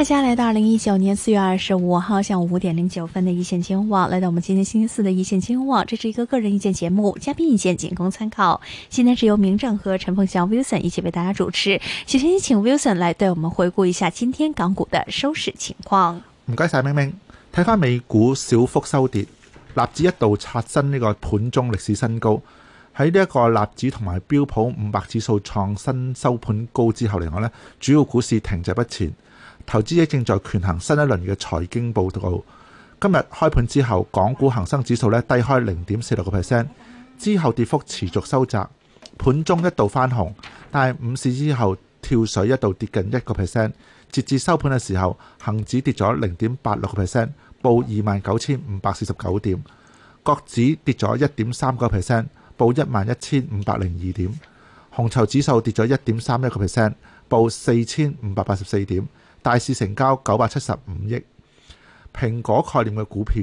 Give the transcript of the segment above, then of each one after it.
大家來到二零一九年四月二十五號下午五點零九分的一線金融網，來到我們今天星期四的一線金融網。這是一個個人意見節目，嘉賓意見僅供參考。今天是由名正和陳鳳翔 Wilson 一起為大家主持。首先，請 Wilson 來對我們回顧一下今天港股的收市情況。唔該晒，明明睇翻美股小幅收跌，納指一度刷新呢個盤中歷史新高。喺呢一個納指同埋標普五百指數創新收盤高之後嚟講呢，主要股市停滯不前。投資者正在權衡新一輪嘅財經報告。今日開盤之後，港股恒生指數咧低開零點四六個 percent，之後跌幅持續收窄。盤中一度翻紅，但係午市之後跳水一度跌近一個 percent。截至收盤嘅時候，恒指跌咗零點八六個 percent，報二萬九千五百四十九點；國指跌咗一點三個 percent，報一萬一千五百零二點；紅籌指數跌咗一點三一個 percent，報四千五百八十四點。大市成交九百七十五億，蘋果概念嘅股票、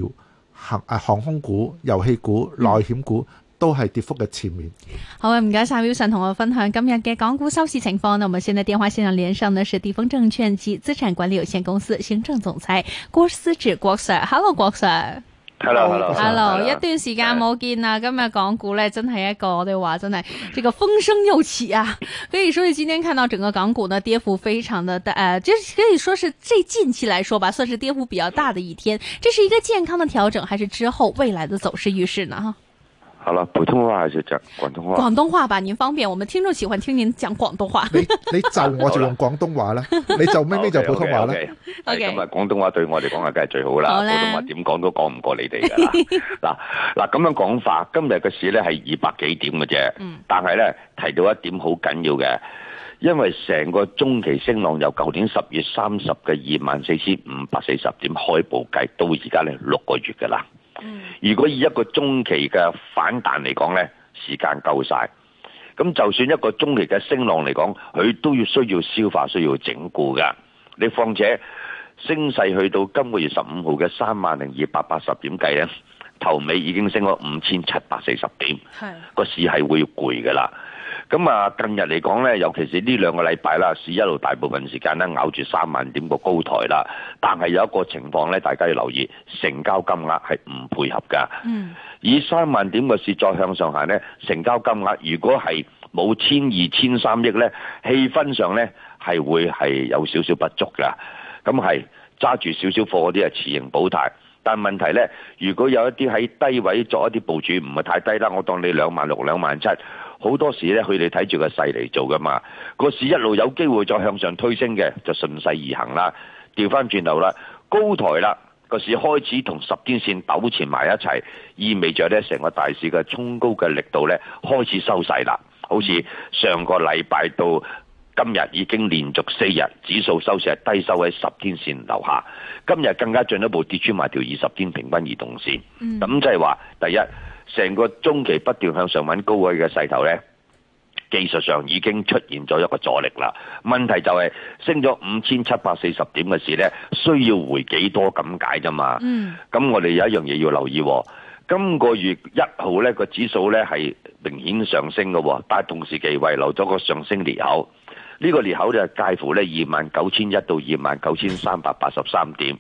航誒航空股、遊戲股、內險股都係跌幅嘅前面。嗯、好啊，唔該晒 Wilson，同我分享今日嘅港股收市情況。咁，我哋現在電話線上連上呢是地方證券及資產管理有限公司行政總裁郭思治。郭 Sir，Hello 郭 Sir。Hello, 郭 Sir Hello，Hello，一段時間冇見啦，今日港股呢，對來真係一個我哋話真係，這個風聲又起啊！可以說是今天看到整個港股呢跌幅非常的大，誒、呃，即係可以說是最近期來說吧，算是跌幅比較大的一天。這是一個健康的調整，還是之後未來的走勢預示呢？哈？好啦，普通話係少則，廣東話廣東話吧，您方便，我們聽眾喜歡聽您講廣東話 你。你就我就用廣東話啦，了你就咩咩就普通話啦。咁啊，廣東話對我哋講啊，梗係最好啦。普通話點講都講唔過你哋噶啦。嗱嗱，咁樣講法，今日嘅市咧係二百幾點嘅啫。 但係咧提到一點好緊要嘅，因為成個中期升浪由舊年十月三十嘅二萬四千五百四十點開步計，到而家咧六個月噶啦。嗯、如果以一個中期嘅反彈嚟講呢，時間夠晒。咁就算一個中期嘅升浪嚟講，佢都要需要消化，需要整固噶。你況且升勢去到今個月十五號嘅三萬零二百八十點計呢，頭尾已經升咗五千七百四十點，個的市係會攰噶啦。咁啊，近日嚟講呢，尤其是呢兩個禮拜啦，市一路大部分時間咧咬住三萬點個高台啦。但係有一個情況呢，大家要留意，成交金額係唔配合噶。嗯。以三萬點嘅市再向上行呢，成交金額如果係冇千二千三億呢，氣氛上呢，係會係有少少不足噶。咁係揸住少少貨嗰啲啊，持盈保泰。但問題呢，如果有一啲喺低位作一啲部署，唔係太低啦，我當你兩萬六、兩萬七。好多時咧，佢哋睇住個勢嚟做噶嘛。個市一路有機會再向上推升嘅，就順勢而行啦。調翻轉頭啦，高台啦，個市開始同十天線糾纏埋一齊，意味著咧成個大市嘅衝高嘅力度咧開始收勢啦。好似上個禮拜到今日已經連續四日指數收市係低收喺十天線樓下，今日更加進一步跌穿埋條二十天平均移動線。咁即係話第一。成個中期不斷向上揾高位嘅勢頭呢，技術上已經出現咗一個阻力啦。問題就係升咗五千七百四十點嘅市呢，需要回幾多咁解啫嘛？嗯。咁我哋有一樣嘢要留意，今個月一號呢個指數呢，係明顯上升嘅，但係同時期遺留咗個上升裂口。呢個裂口就介乎呢二萬九千一到二萬九千三百八十三點，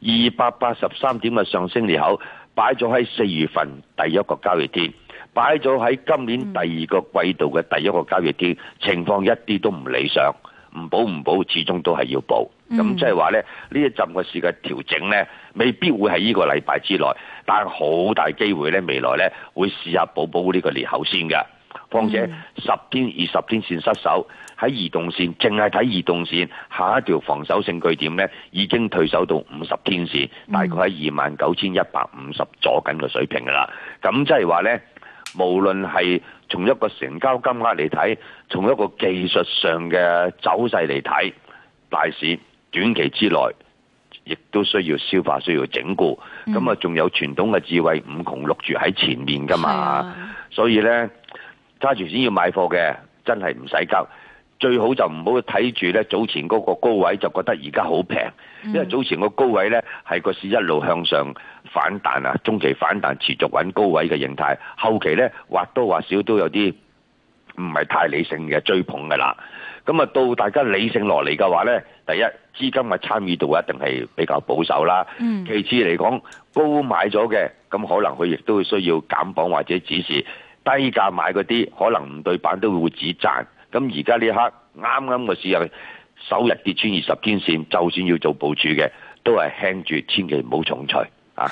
二百八十三點嘅上升裂口。擺咗喺四月份第一個交易天，擺咗喺今年第二個季度嘅第一個交易天，嗯、情況一啲都唔理想，唔補、唔補，始終都係要補。咁即係話咧，呢一陣嘅市嘅調整咧，未必會喺呢個禮拜之內，但係好大機會咧，未來咧會試下補補呢個裂口先嘅。況且十天二十天線失守。喺移動線，淨係睇移動線下一條防守性據點呢？已經退守到五十天線，大概喺二萬九千一百五十左緊個水平㗎啦。咁即係話呢，無論係從一個成交金額嚟睇，從一個技術上嘅走勢嚟睇，大市短期之內亦都需要消化，需要整固。咁啊，仲有傳統嘅智慧五窮六住喺前面㗎嘛，mm. 所以呢，揸住先要買貨嘅，真係唔使急。最好就唔好睇住咧，早前嗰個高位就覺得而家好平，因為早前個高位咧係個市一路向上反彈啊，中期反彈持續揾高位嘅形態，後期咧或多或少都有啲唔係太理性嘅追捧㗎啦。咁啊，到大家理性落嚟嘅話咧，第一資金嘅參與度一定係比較保守啦。其次嚟講，高買咗嘅咁可能佢亦都會需要減磅或者止蝕，低價買嗰啲可能唔對板都會會止賺。咁而家呢一刻啱啱嘅市入去，首日跌穿二十天線，就算要做部署嘅，都係輕住，千祈唔好重取啊！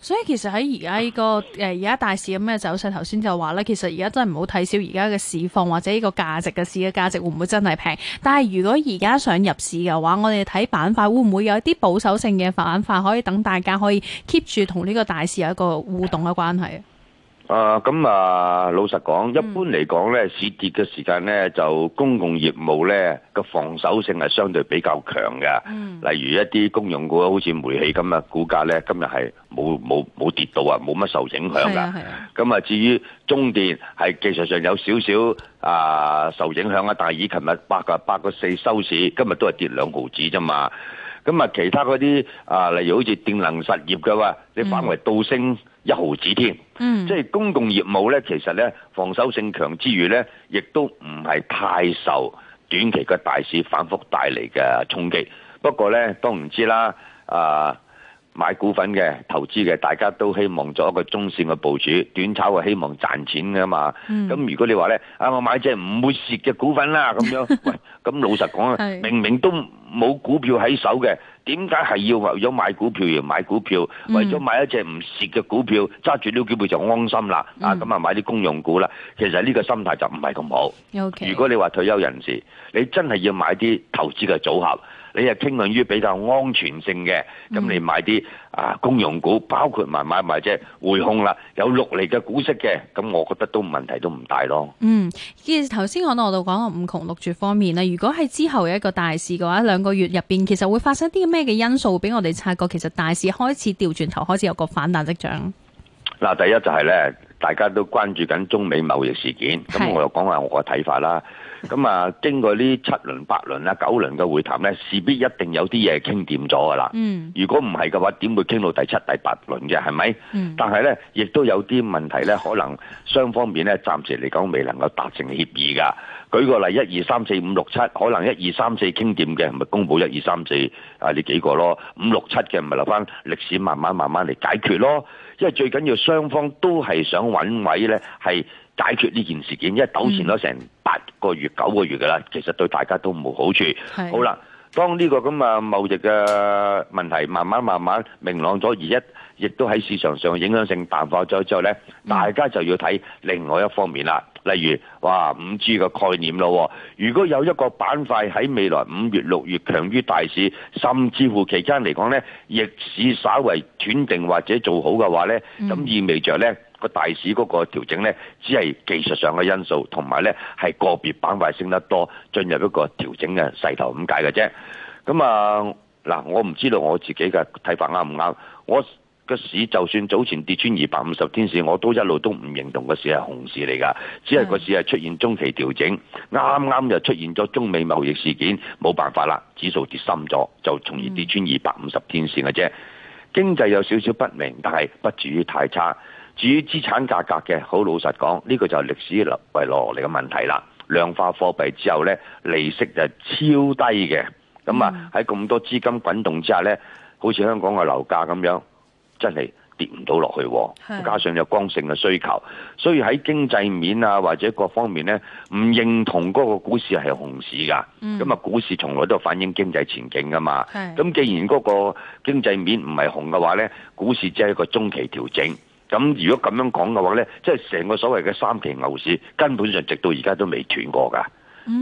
所以其實喺而家呢個誒而家大市嘅咩走勢，頭先就話咧，其實而家真係唔好睇小而家嘅市況，或者呢個價值嘅市嘅價值會唔會真係平？但係如果而家想入市嘅話，我哋睇板塊會唔會有一啲保守性嘅板塊可以等大家可以 keep 住同呢個大市有一個互動嘅關係？啊，咁啊，老實講，一般嚟講咧，嗯、市跌嘅時間咧，就公共業務咧個防守性係相對比較強嘅。嗯，例如一啲公用股，好似煤氣咁啊，股價咧今日係冇冇冇跌到啊，冇乜受影響噶。係係，咁啊，至於中電係技術上有少少啊受影響啊，但係以琴日八啊八個四收市，今日都係跌兩毫子啫嘛。咁啊，其他嗰啲啊，例如好似電能實業嘅話，你反為倒升。嗯一毫子添，嗯、即係公共業務咧，其實咧防守性強之餘咧，亦都唔係太受短期嘅大市反覆帶嚟嘅衝擊。不過咧，都唔知啦，啊！買股份嘅投資嘅，大家都希望做一個中綫嘅部署，短炒係希望賺錢㗎嘛。咁如果你話咧，啊我買隻唔會蝕嘅股份啦，咁樣，喂，咁老實講啊，明明都冇股票喺手嘅，點解係要為咗買股票而買股票？為咗買一隻唔蝕嘅股票，揸住呢幾倍就安心啦。啊，咁啊買啲公用股啦。其實呢個心態就唔係咁好。如果你話退休人士，你真係要買啲投資嘅組合。你係傾向於比較安全性嘅，咁你買啲、嗯、啊公用股，包括埋買埋隻匯控啦，嗯、有六厘嘅股息嘅，咁我覺得都問題都唔大咯。嗯，跟住頭先我喺度講五窮六絕方面咧，如果喺之後有一個大市嘅話，兩個月入邊其實會發生啲咩嘅因素，俾我哋察覺其實大市開始調轉頭，開始有一個反彈跡象。嗱、嗯，第一就係咧，大家都關注緊中美貿易事件，咁我又講下我個睇法啦。咁啊，經過呢七輪、八輪啦、啊、九輪嘅會談呢，事必一定有啲嘢傾掂咗噶啦。嗯、如果唔係嘅話，點會傾到第七、第八輪啫？係咪？嗯、但係呢亦都有啲問題呢，可能雙方面呢，暫時嚟講未能夠達成協議㗎。舉個例，一二三四五六七，可能一二三四傾掂嘅，咪公佈一二三四啊，呢幾個咯，五六七嘅咪留翻歷史慢慢慢慢嚟解決咯。因為最緊要雙方都係想揾位咧，係解決呢件事件，因為糾纏咗成八個月九個月噶啦，其實對大家都冇好處。好啦，當呢個咁啊貿易嘅問題慢慢慢慢明朗咗，而一亦都喺市場上影響性淡化咗之後咧，大家就要睇另外一方面啦。例如，話五 G 嘅概念咯，如果有一個板塊喺未來五月六月強於大市，甚至乎期間嚟講呢逆市稍為斷定或者做好嘅話呢咁、嗯、意味着呢個大市嗰個調整呢，只係技術上嘅因素，同埋呢係個別板塊升得多，進入一個調整嘅勢頭咁解嘅啫。咁啊嗱，我唔知道我自己嘅睇法啱唔啱，我。個市就算早前跌穿二百五十天線，我都一路都唔認同個市係熊市嚟㗎，只係個市係出現中期調整，啱啱就出現咗中美貿易事件，冇辦法啦，指數跌深咗，就從而跌穿二百五十天線嘅啫。經濟有少少不明，但係不至於太差。至於資產價格嘅，好老實講，呢、這個就係歷史遺留落嚟嘅問題啦。量化貨幣之後呢，利息就超低嘅，咁啊喺咁多資金滾動之下呢，好似香港嘅樓價咁樣。真係跌唔到落去，加上有剛性嘅需求，所以喺經濟面啊或者各方面呢，唔認同嗰個股市係熊市㗎。咁啊，股市從來都反映經濟前景㗎嘛。咁既然嗰個經濟面唔係熊嘅話呢，股市只係一個中期調整。咁如果咁樣講嘅話呢，即係成個所謂嘅三期牛市，根本上直到而家都未斷過㗎。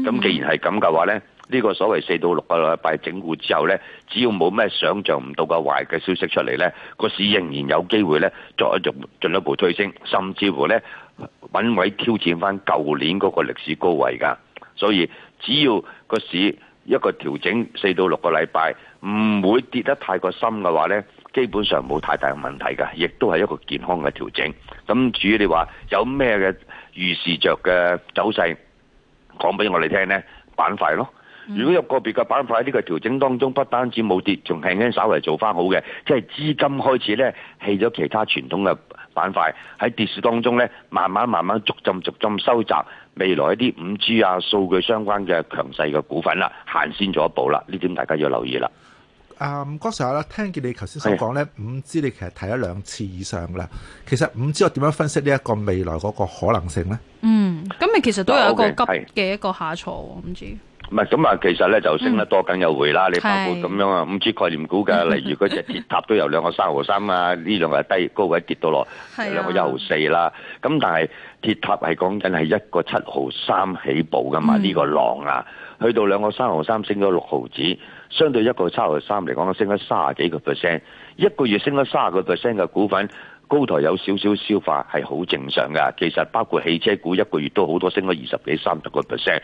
咁既然係咁嘅話呢。呢個所謂四到六個禮拜整固之後呢，只要冇咩想象唔到嘅壞嘅消息出嚟呢，個市仍然有機會呢，再進進一步推升，甚至乎呢搵位挑戰翻舊年嗰個歷史高位㗎。所以只要個市一個調整四到六個禮拜，唔會跌得太過深嘅話呢，基本上冇太大嘅問題㗎，亦都係一個健康嘅調整。咁至於你話有咩嘅預示着嘅走勢，講俾我哋聽呢，板塊咯。嗯、如果有個別嘅板塊喺呢個調整當中，不單止冇跌，仲輕輕稍微做翻好嘅，即係資金開始呢棄咗其他傳統嘅板塊喺跌市當中呢，慢慢慢慢逐漸逐漸收窄未來一啲五 G 啊、數據相關嘅強勢嘅股份啦、啊，行先咗一步啦，呢點大家要留意啦。啊，郭 Sir 啦，聽見你頭先所講呢五 G 你其實睇咗兩次以上啦。其實五 G 我點樣分析呢一個未來嗰個可能性呢？嗯，咁你其實都有一個急嘅一個下挫五 G。唔係咁啊！其實咧就升得多緊又回啦，嗯、你包括咁樣啊，是五 G 概念股㗎，例如嗰隻鐵塔都有兩個三毫三啊，呢 兩個低高位跌到落、啊、兩個一毫四啦。咁但係鐵塔係講緊係一個七毫三起步㗎嘛？呢、嗯、個浪啊，去到兩個三毫三升咗六毫子，相對一個七毫三嚟講，升咗三十幾個 percent，一個月升咗三十個 percent 嘅股份。高台有少少消化係好正常噶，其實包括汽車股一個月都好多升咗二十幾、三十個 percent。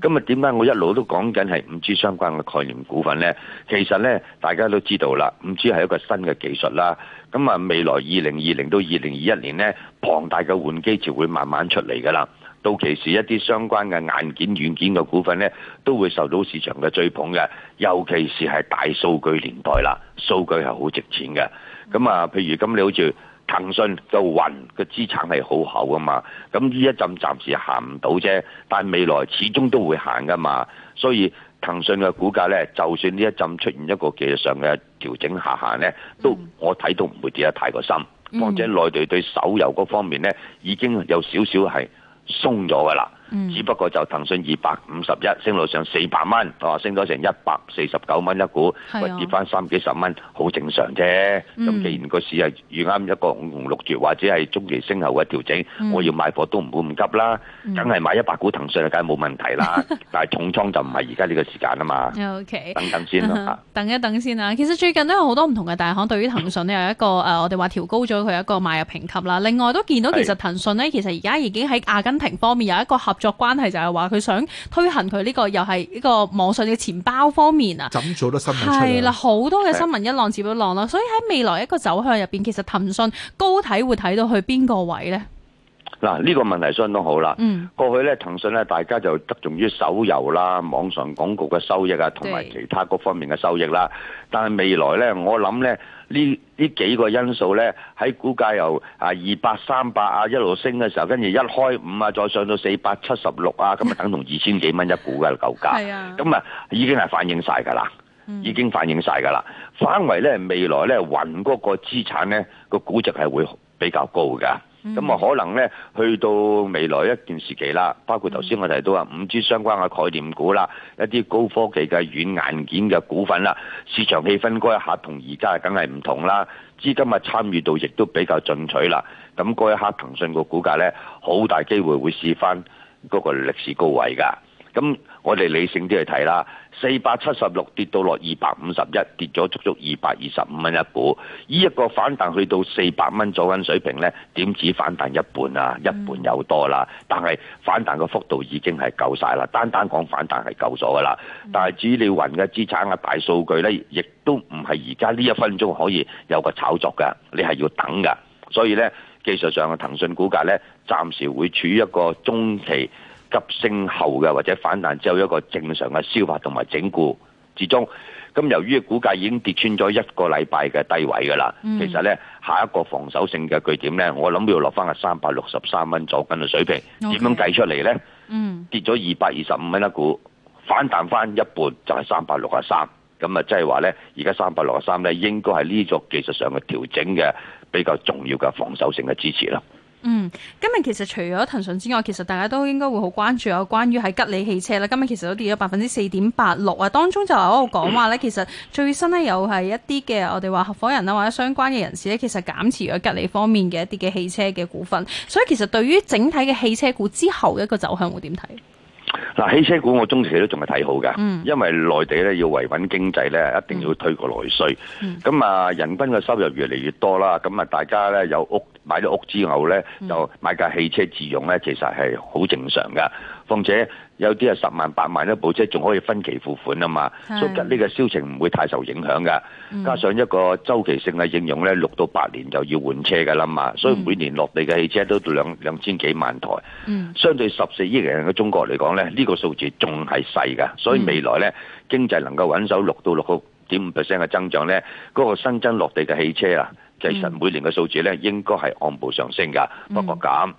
咁啊，點解我一路都講緊係五 G 相關嘅概念股份呢？其實呢，大家都知道啦，五 G 係一個新嘅技術啦。咁啊，未來二零二零到二零二一年呢，龐大嘅換機潮會慢慢出嚟㗎啦。到其時一啲相關嘅硬件、軟件嘅股份呢，都會受到市場嘅追捧嘅。尤其是係大數據年代啦，數據係好值錢嘅。咁啊，譬如咁你好似～騰訊就雲個資產係好厚噶嘛，咁呢一陣暫時行唔到啫，但係未來始終都會行噶嘛，所以騰訊嘅股價呢，就算呢一陣出現一個技術上嘅調整下行呢，都我睇都唔會跌得太過深，況且內地對手遊嗰方面呢，已經有少少係鬆咗噶啦。只不過就騰訊二百五十一升到上四百蚊，哦，升咗成一百四十九蚊一股，咪、啊嗯、跌翻三幾十蚊，好正常啫。咁既然個市係遇啱一個五窮六絕或者係中期升後嘅調整，嗯、我要買貨都唔會咁急啦，梗係買一百股騰訊梗係冇問題啦。嗯、但係重倉就唔係而家呢個時間啊嘛。O K， 等等先 等一等先啦、啊。其實最近都有好多唔同嘅大行對於騰訊呢，有一個誒、 啊，我哋話調高咗佢一個買入評級啦。另外都見到其實騰訊呢，其實而家已經喺阿根廷方面有一個合。作關係就係話佢想推行佢呢個又係呢個網上嘅錢包方面啊，咁做都新聞出。係啦，好多嘅新聞一浪接一浪啦，的所以喺未來一個走向入邊，其實騰訊高體會睇到去邊個位置呢？嗱，呢個問題相當好啦。嗯，過去呢騰訊呢，大家就側重於手遊啦、網上廣告嘅收益啊，同埋其他各方面嘅收益啦。對但係未來呢，我諗呢。呢呢幾個因素呢，喺股價由啊二百三百啊一路升嘅時候，跟住一開五啊再上到四百七十六啊，咁啊等同二千幾蚊一股嘅舊價，咁 啊已經係反映晒㗎啦，已經反映晒㗎啦，反為、嗯、呢，未來呢，雲嗰個資產呢，個估值係會比較高㗎。咁啊，嗯、可能咧，去到未來一段時期啦，包括頭先我提到啊，五 G 相關嘅概念股啦，一啲高科技嘅軟硬件嘅股份啦，市場氣氛嗰一刻同而家梗係唔同啦，資金啊參與度亦都比較進取啦，咁嗰一刻騰訊個股價咧，好大機會會試翻嗰個歷史高位噶。咁我哋理性啲去睇啦，四百七十六跌到落二百五十一，跌咗足足二百二十五蚊一股。呢一個反彈去到四百蚊左右水平呢，點止反彈一半啊，一半有多啦。但係反彈嘅幅度已經係夠晒啦，單單講反彈係夠咗噶啦。但係至料雲嘅資產啊、大數據呢，亦都唔係而家呢一分鐘可以有個炒作噶。你係要等㗎。所以呢，技術上嘅騰訊股價呢，暫時會處於一個中期。急升後嘅或者反彈之後一個正常嘅消化同埋整固之中，咁由於股價已經跌穿咗一個禮拜嘅低位㗎啦，嗯、其實咧下一個防守性嘅據點咧，我諗要落翻去三百六十三蚊左近嘅水平，點樣計出嚟咧？嗯，跌咗二百二十五蚊一股，反彈翻一半就係三百六十三，咁啊即係話咧，而家三百六十三咧應該係呢種技術上嘅調整嘅比較重要嘅防守性嘅支持啦。嗯，今日其實除咗騰訊之外，其實大家都應該會好關注有關於喺吉利汽車啦。今日其實都跌咗百分之四點八六啊。當中就係我講話咧，其實最新咧又係一啲嘅我哋話合夥人啊，或者相關嘅人士咧，其實減持咗吉利方面嘅一啲嘅汽車嘅股份。所以其實對於整體嘅汽車股之後嘅一個走向會怎樣看，會點睇？嗱，汽車股我中期都仲係睇好嘅，嗯、因為內地咧要維穩經濟咧，一定要推個內需咁啊，嗯、人均嘅收入越嚟越多啦，咁啊，大家咧有屋買咗屋之後咧，就買架汽車自用咧，其實係好正常㗎。況且，有啲係十萬八萬一部車，仲可以分期付款啊嘛，所以呢個銷情唔會太受影響㗎。加上一個周期性嘅應用咧，六到八年就要換車㗎喇嘛，所以每年落地嘅汽車都兩兩千幾萬台。相對十四億人嘅中國嚟講咧，呢個數字仲係細㗎。所以未來咧，經濟能夠穩守六到六個點五 percent 嘅增長咧，嗰個新增落地嘅汽車啊，其實每年嘅數字咧應該係按部上升㗎，不過噉。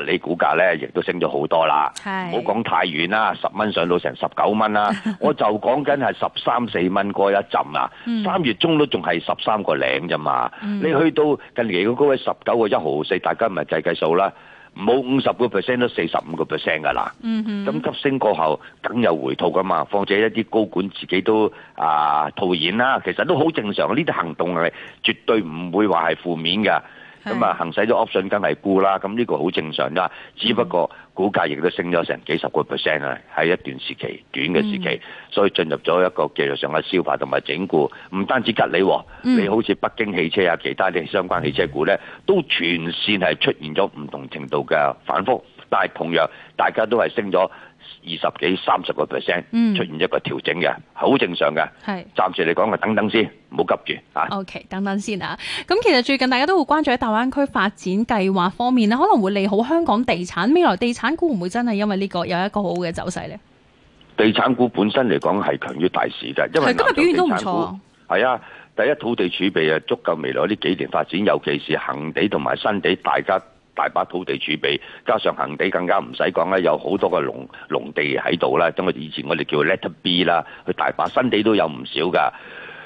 你股價咧，亦都升咗好多啦。唔好講太遠啦，十蚊上到成十九蚊啦。我就講緊係十三四蚊嗰一陣啊。三月中都仲係十三個零啫嘛。你去到近期嘅高位十九個一毫四，大家咪計計數啦。冇五十個 percent 都四十五個 percent 噶啦。咁急升過後，梗有回吐噶嘛。況且一啲高管自己都啊套現啦，其實都好正常。呢啲行動係絕對唔會話係負面嘅。咁啊，行使咗 option 梗係沽啦，咁呢個好正常啦，只不過股價亦都升咗成幾十個 percent 啊，喺一段時期短嘅時期，所以進入咗一個技術上嘅消化同埋整固，唔單止吉利，你好似北京汽車啊，其他啲相關汽車股咧，都全線係出現咗唔同程度嘅反復，但係同樣大家都係升咗。二十幾三十個 percent 出現一個調整嘅，好、嗯、正常嘅。係暫是時嚟講，係等等先，唔好急住啊。OK，等等先啊。咁其實最近大家都會關注喺大灣區發展計劃方面呢，可能會利好香港地產。未來地產股唔會真係因為呢個有一個好好嘅走勢呢？地產股本身嚟講係強於大市嘅，因為今日表現都唔錯。係啊，第一土地儲備啊足夠，未來呢幾年發展，尤其是恒地同埋新地，大家。大把土地儲備，加上恆地更加唔使講啦，有好多個農農地喺度啦，等我以前我哋叫 Letter B 啦，佢大把新地都有唔少噶。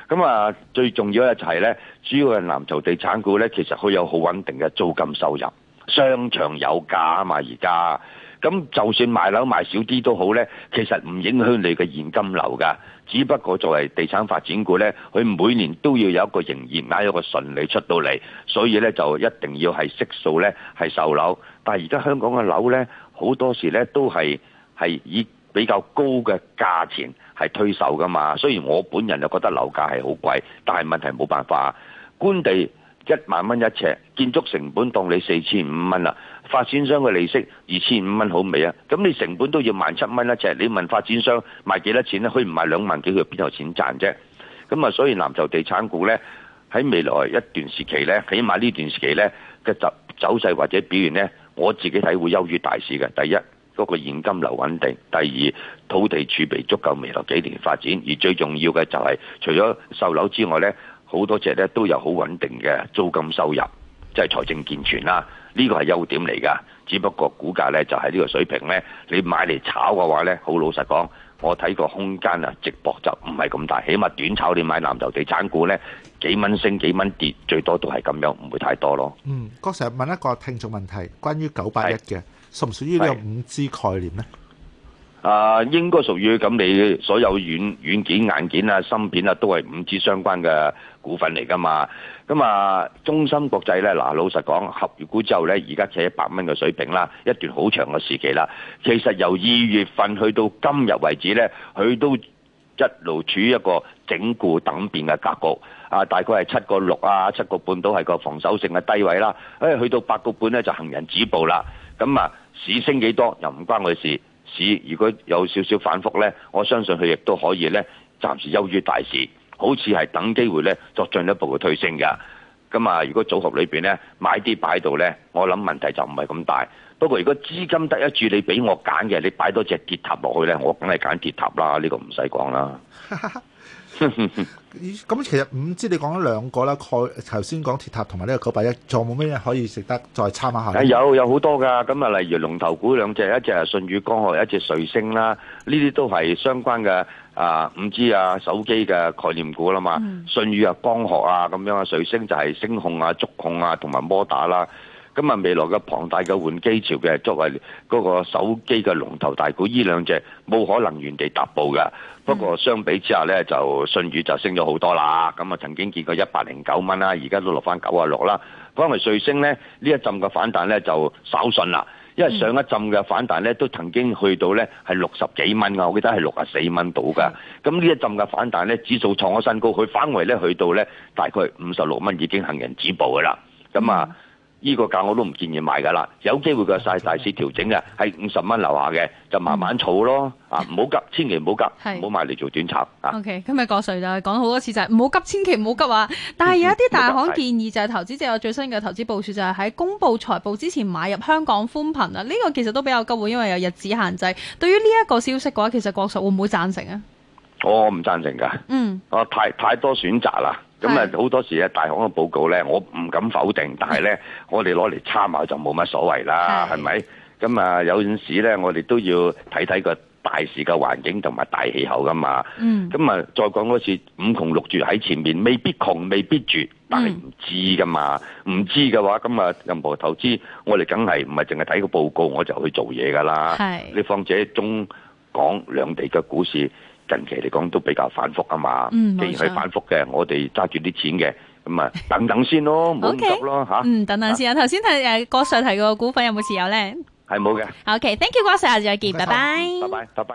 咁啊，最重要呢就係呢，主要係藍籌地產股呢，其實佢有好穩定嘅租金收入，商場有價啊嘛而家，咁就算賣樓賣少啲都好呢，其實唔影響你嘅現金流噶。只不過作為地產發展股呢，佢每年都要有一個營業額，有一個純利出到嚟，所以呢，就一定要係息數呢，係售樓。但係而家香港嘅樓呢，好多時呢都係係以比較高嘅價錢係推售㗎嘛。雖然我本人就覺得樓價係好貴，但係問題冇辦法。官地一萬蚊一尺，建築成本當你四千五蚊啦。發展商嘅利息二千五蚊好未啊？咁你成本都要萬七蚊一呎，你問發展商賣幾多錢咧？佢唔賣兩萬幾，佢邊度有錢賺啫？咁啊，所以藍籌地產股呢，喺未來一段時期呢，起碼呢段時期呢，嘅走走勢或者表現呢，我自己睇會優於大市嘅。第一，嗰、那個現金流穩定；第二，土地儲備足夠，未來幾年發展。而最重要嘅就係，除咗售樓之外呢，好多隻呢都有好穩定嘅租金收入，即係財政健全啦、啊。呢個係優點嚟㗎，只不過股價呢就喺、是、呢個水平呢你買嚟炒嘅話呢，好老實講，我睇個空間啊，值博就唔係咁大，起碼短炒你買藍籌地產股呢，幾蚊升幾蚊跌，最多都係咁樣，唔會太多咯。嗯，郭 Sir 問一個聽眾問題，關於九八一嘅，屬唔屬於呢個五 G 概念呢？啊、呃，應該屬於咁，你所有軟軟件、硬件啊、芯片啊，都係五 G 相關嘅。股份嚟噶嘛？咁、嗯、啊，中心國際咧，嗱，老實講，合完股之後咧，而家企一百蚊嘅水平啦，一段好長嘅時期啦。其實由二月份去到今日為止咧，佢都一路處於一個整固等變嘅格局啊！大概係七個六啊，七個半都係個防守性嘅低位啦。誒、哎，去到八個半咧就行人止步啦。咁、嗯、啊，市升幾多又唔關佢事。市如果有少少反覆咧，我相信佢亦都可以咧，暫時優於大市。好似係等機會咧，作進一步嘅推升㗎。咁啊，如果組合裏面咧買啲擺度咧，我諗問題就唔係咁大。不過如果資金得一注，你俾我揀嘅，你擺多隻鐵塔落去咧，我梗係揀鐵塔啦。呢個唔使講啦。咁其實唔知你講咗兩個啦，頭先講鐵塔同埋呢個九八一，仲有冇咩可以值得再參考一下、哎。有有好多㗎，咁啊，例如龍頭股兩隻，一隻係舜宇光學，一隻瑞星啦，呢啲都係相關嘅。啊，五 G 啊，手機嘅概念股啦嘛，嗯、舜宇啊，光學啊咁樣啊，瑞星就係聲控啊、觸控啊同埋摩打啦、啊。咁啊，未來嘅龐大嘅換機潮嘅，作為嗰個手機嘅龍頭大股，呢兩隻冇可能原地踏步㗎。不過相比之下咧，就舜宇就升咗好多啦。咁啊，啊，啊，曾經見過一百零九蚊啦，而家都落翻九啊六啦。因為瑞星咧，呢一陣嘅反彈咧就稍遜啦。因為上一陣嘅反彈咧，都曾經去到咧係六十幾蚊啊，我記得係六十四蚊到㗎。咁呢一陣嘅反彈咧，指數創咗新高，佢反圍咧去到咧大概五十六蚊已經行人止步㗎啦。咁啊。呢個價我都唔建議買噶啦，有機會佢晒大市調整嘅，係五十蚊樓下嘅，就慢慢儲咯，嗯、啊唔好急，千祈唔好急，唔好是買嚟做短炒。啊、o、okay, K，今日郭 Sir 啦，講好多次就係唔好急，千祈唔好急啊。但係有一啲大行建議就係投資者有、嗯嗯、最新嘅投資部署就係喺公布財報之前買入香港寬頻啊，呢、這個其實都比較急喎，因為有日子限制。對於呢一個消息嘅話，其實郭 Sir 會唔會贊成啊？我唔贊成嘅，嗯，我、啊、太太多選擇啦。咁啊，好多時啊，大行嘅報告咧，我唔敢否定，是的 但係咧，我哋攞嚟參考就冇乜所謂啦，係咪是的？咁啊，有陣時咧，我哋都要睇睇個大市嘅環境同埋大氣候噶嘛。咁啊，再講多次，五窮六絕喺前面，未必窮，未必絕，但係唔知噶嘛。唔、嗯、知嘅話，咁啊，任何投資，我哋梗係唔係淨係睇個報告我就去做嘢㗎啦。是的 你況且中港兩地嘅股市。近期嚟講都比較反覆啊嘛，既然係反覆嘅，我哋揸住啲錢嘅，咁啊等等先咯，唔好急咯嚇。嗯，等等先啊。頭先係郭 Sir 提個股份有冇持有咧？係冇嘅。OK，Thank you，郭 Sir，下次再見，拜拜。拜拜，拜拜。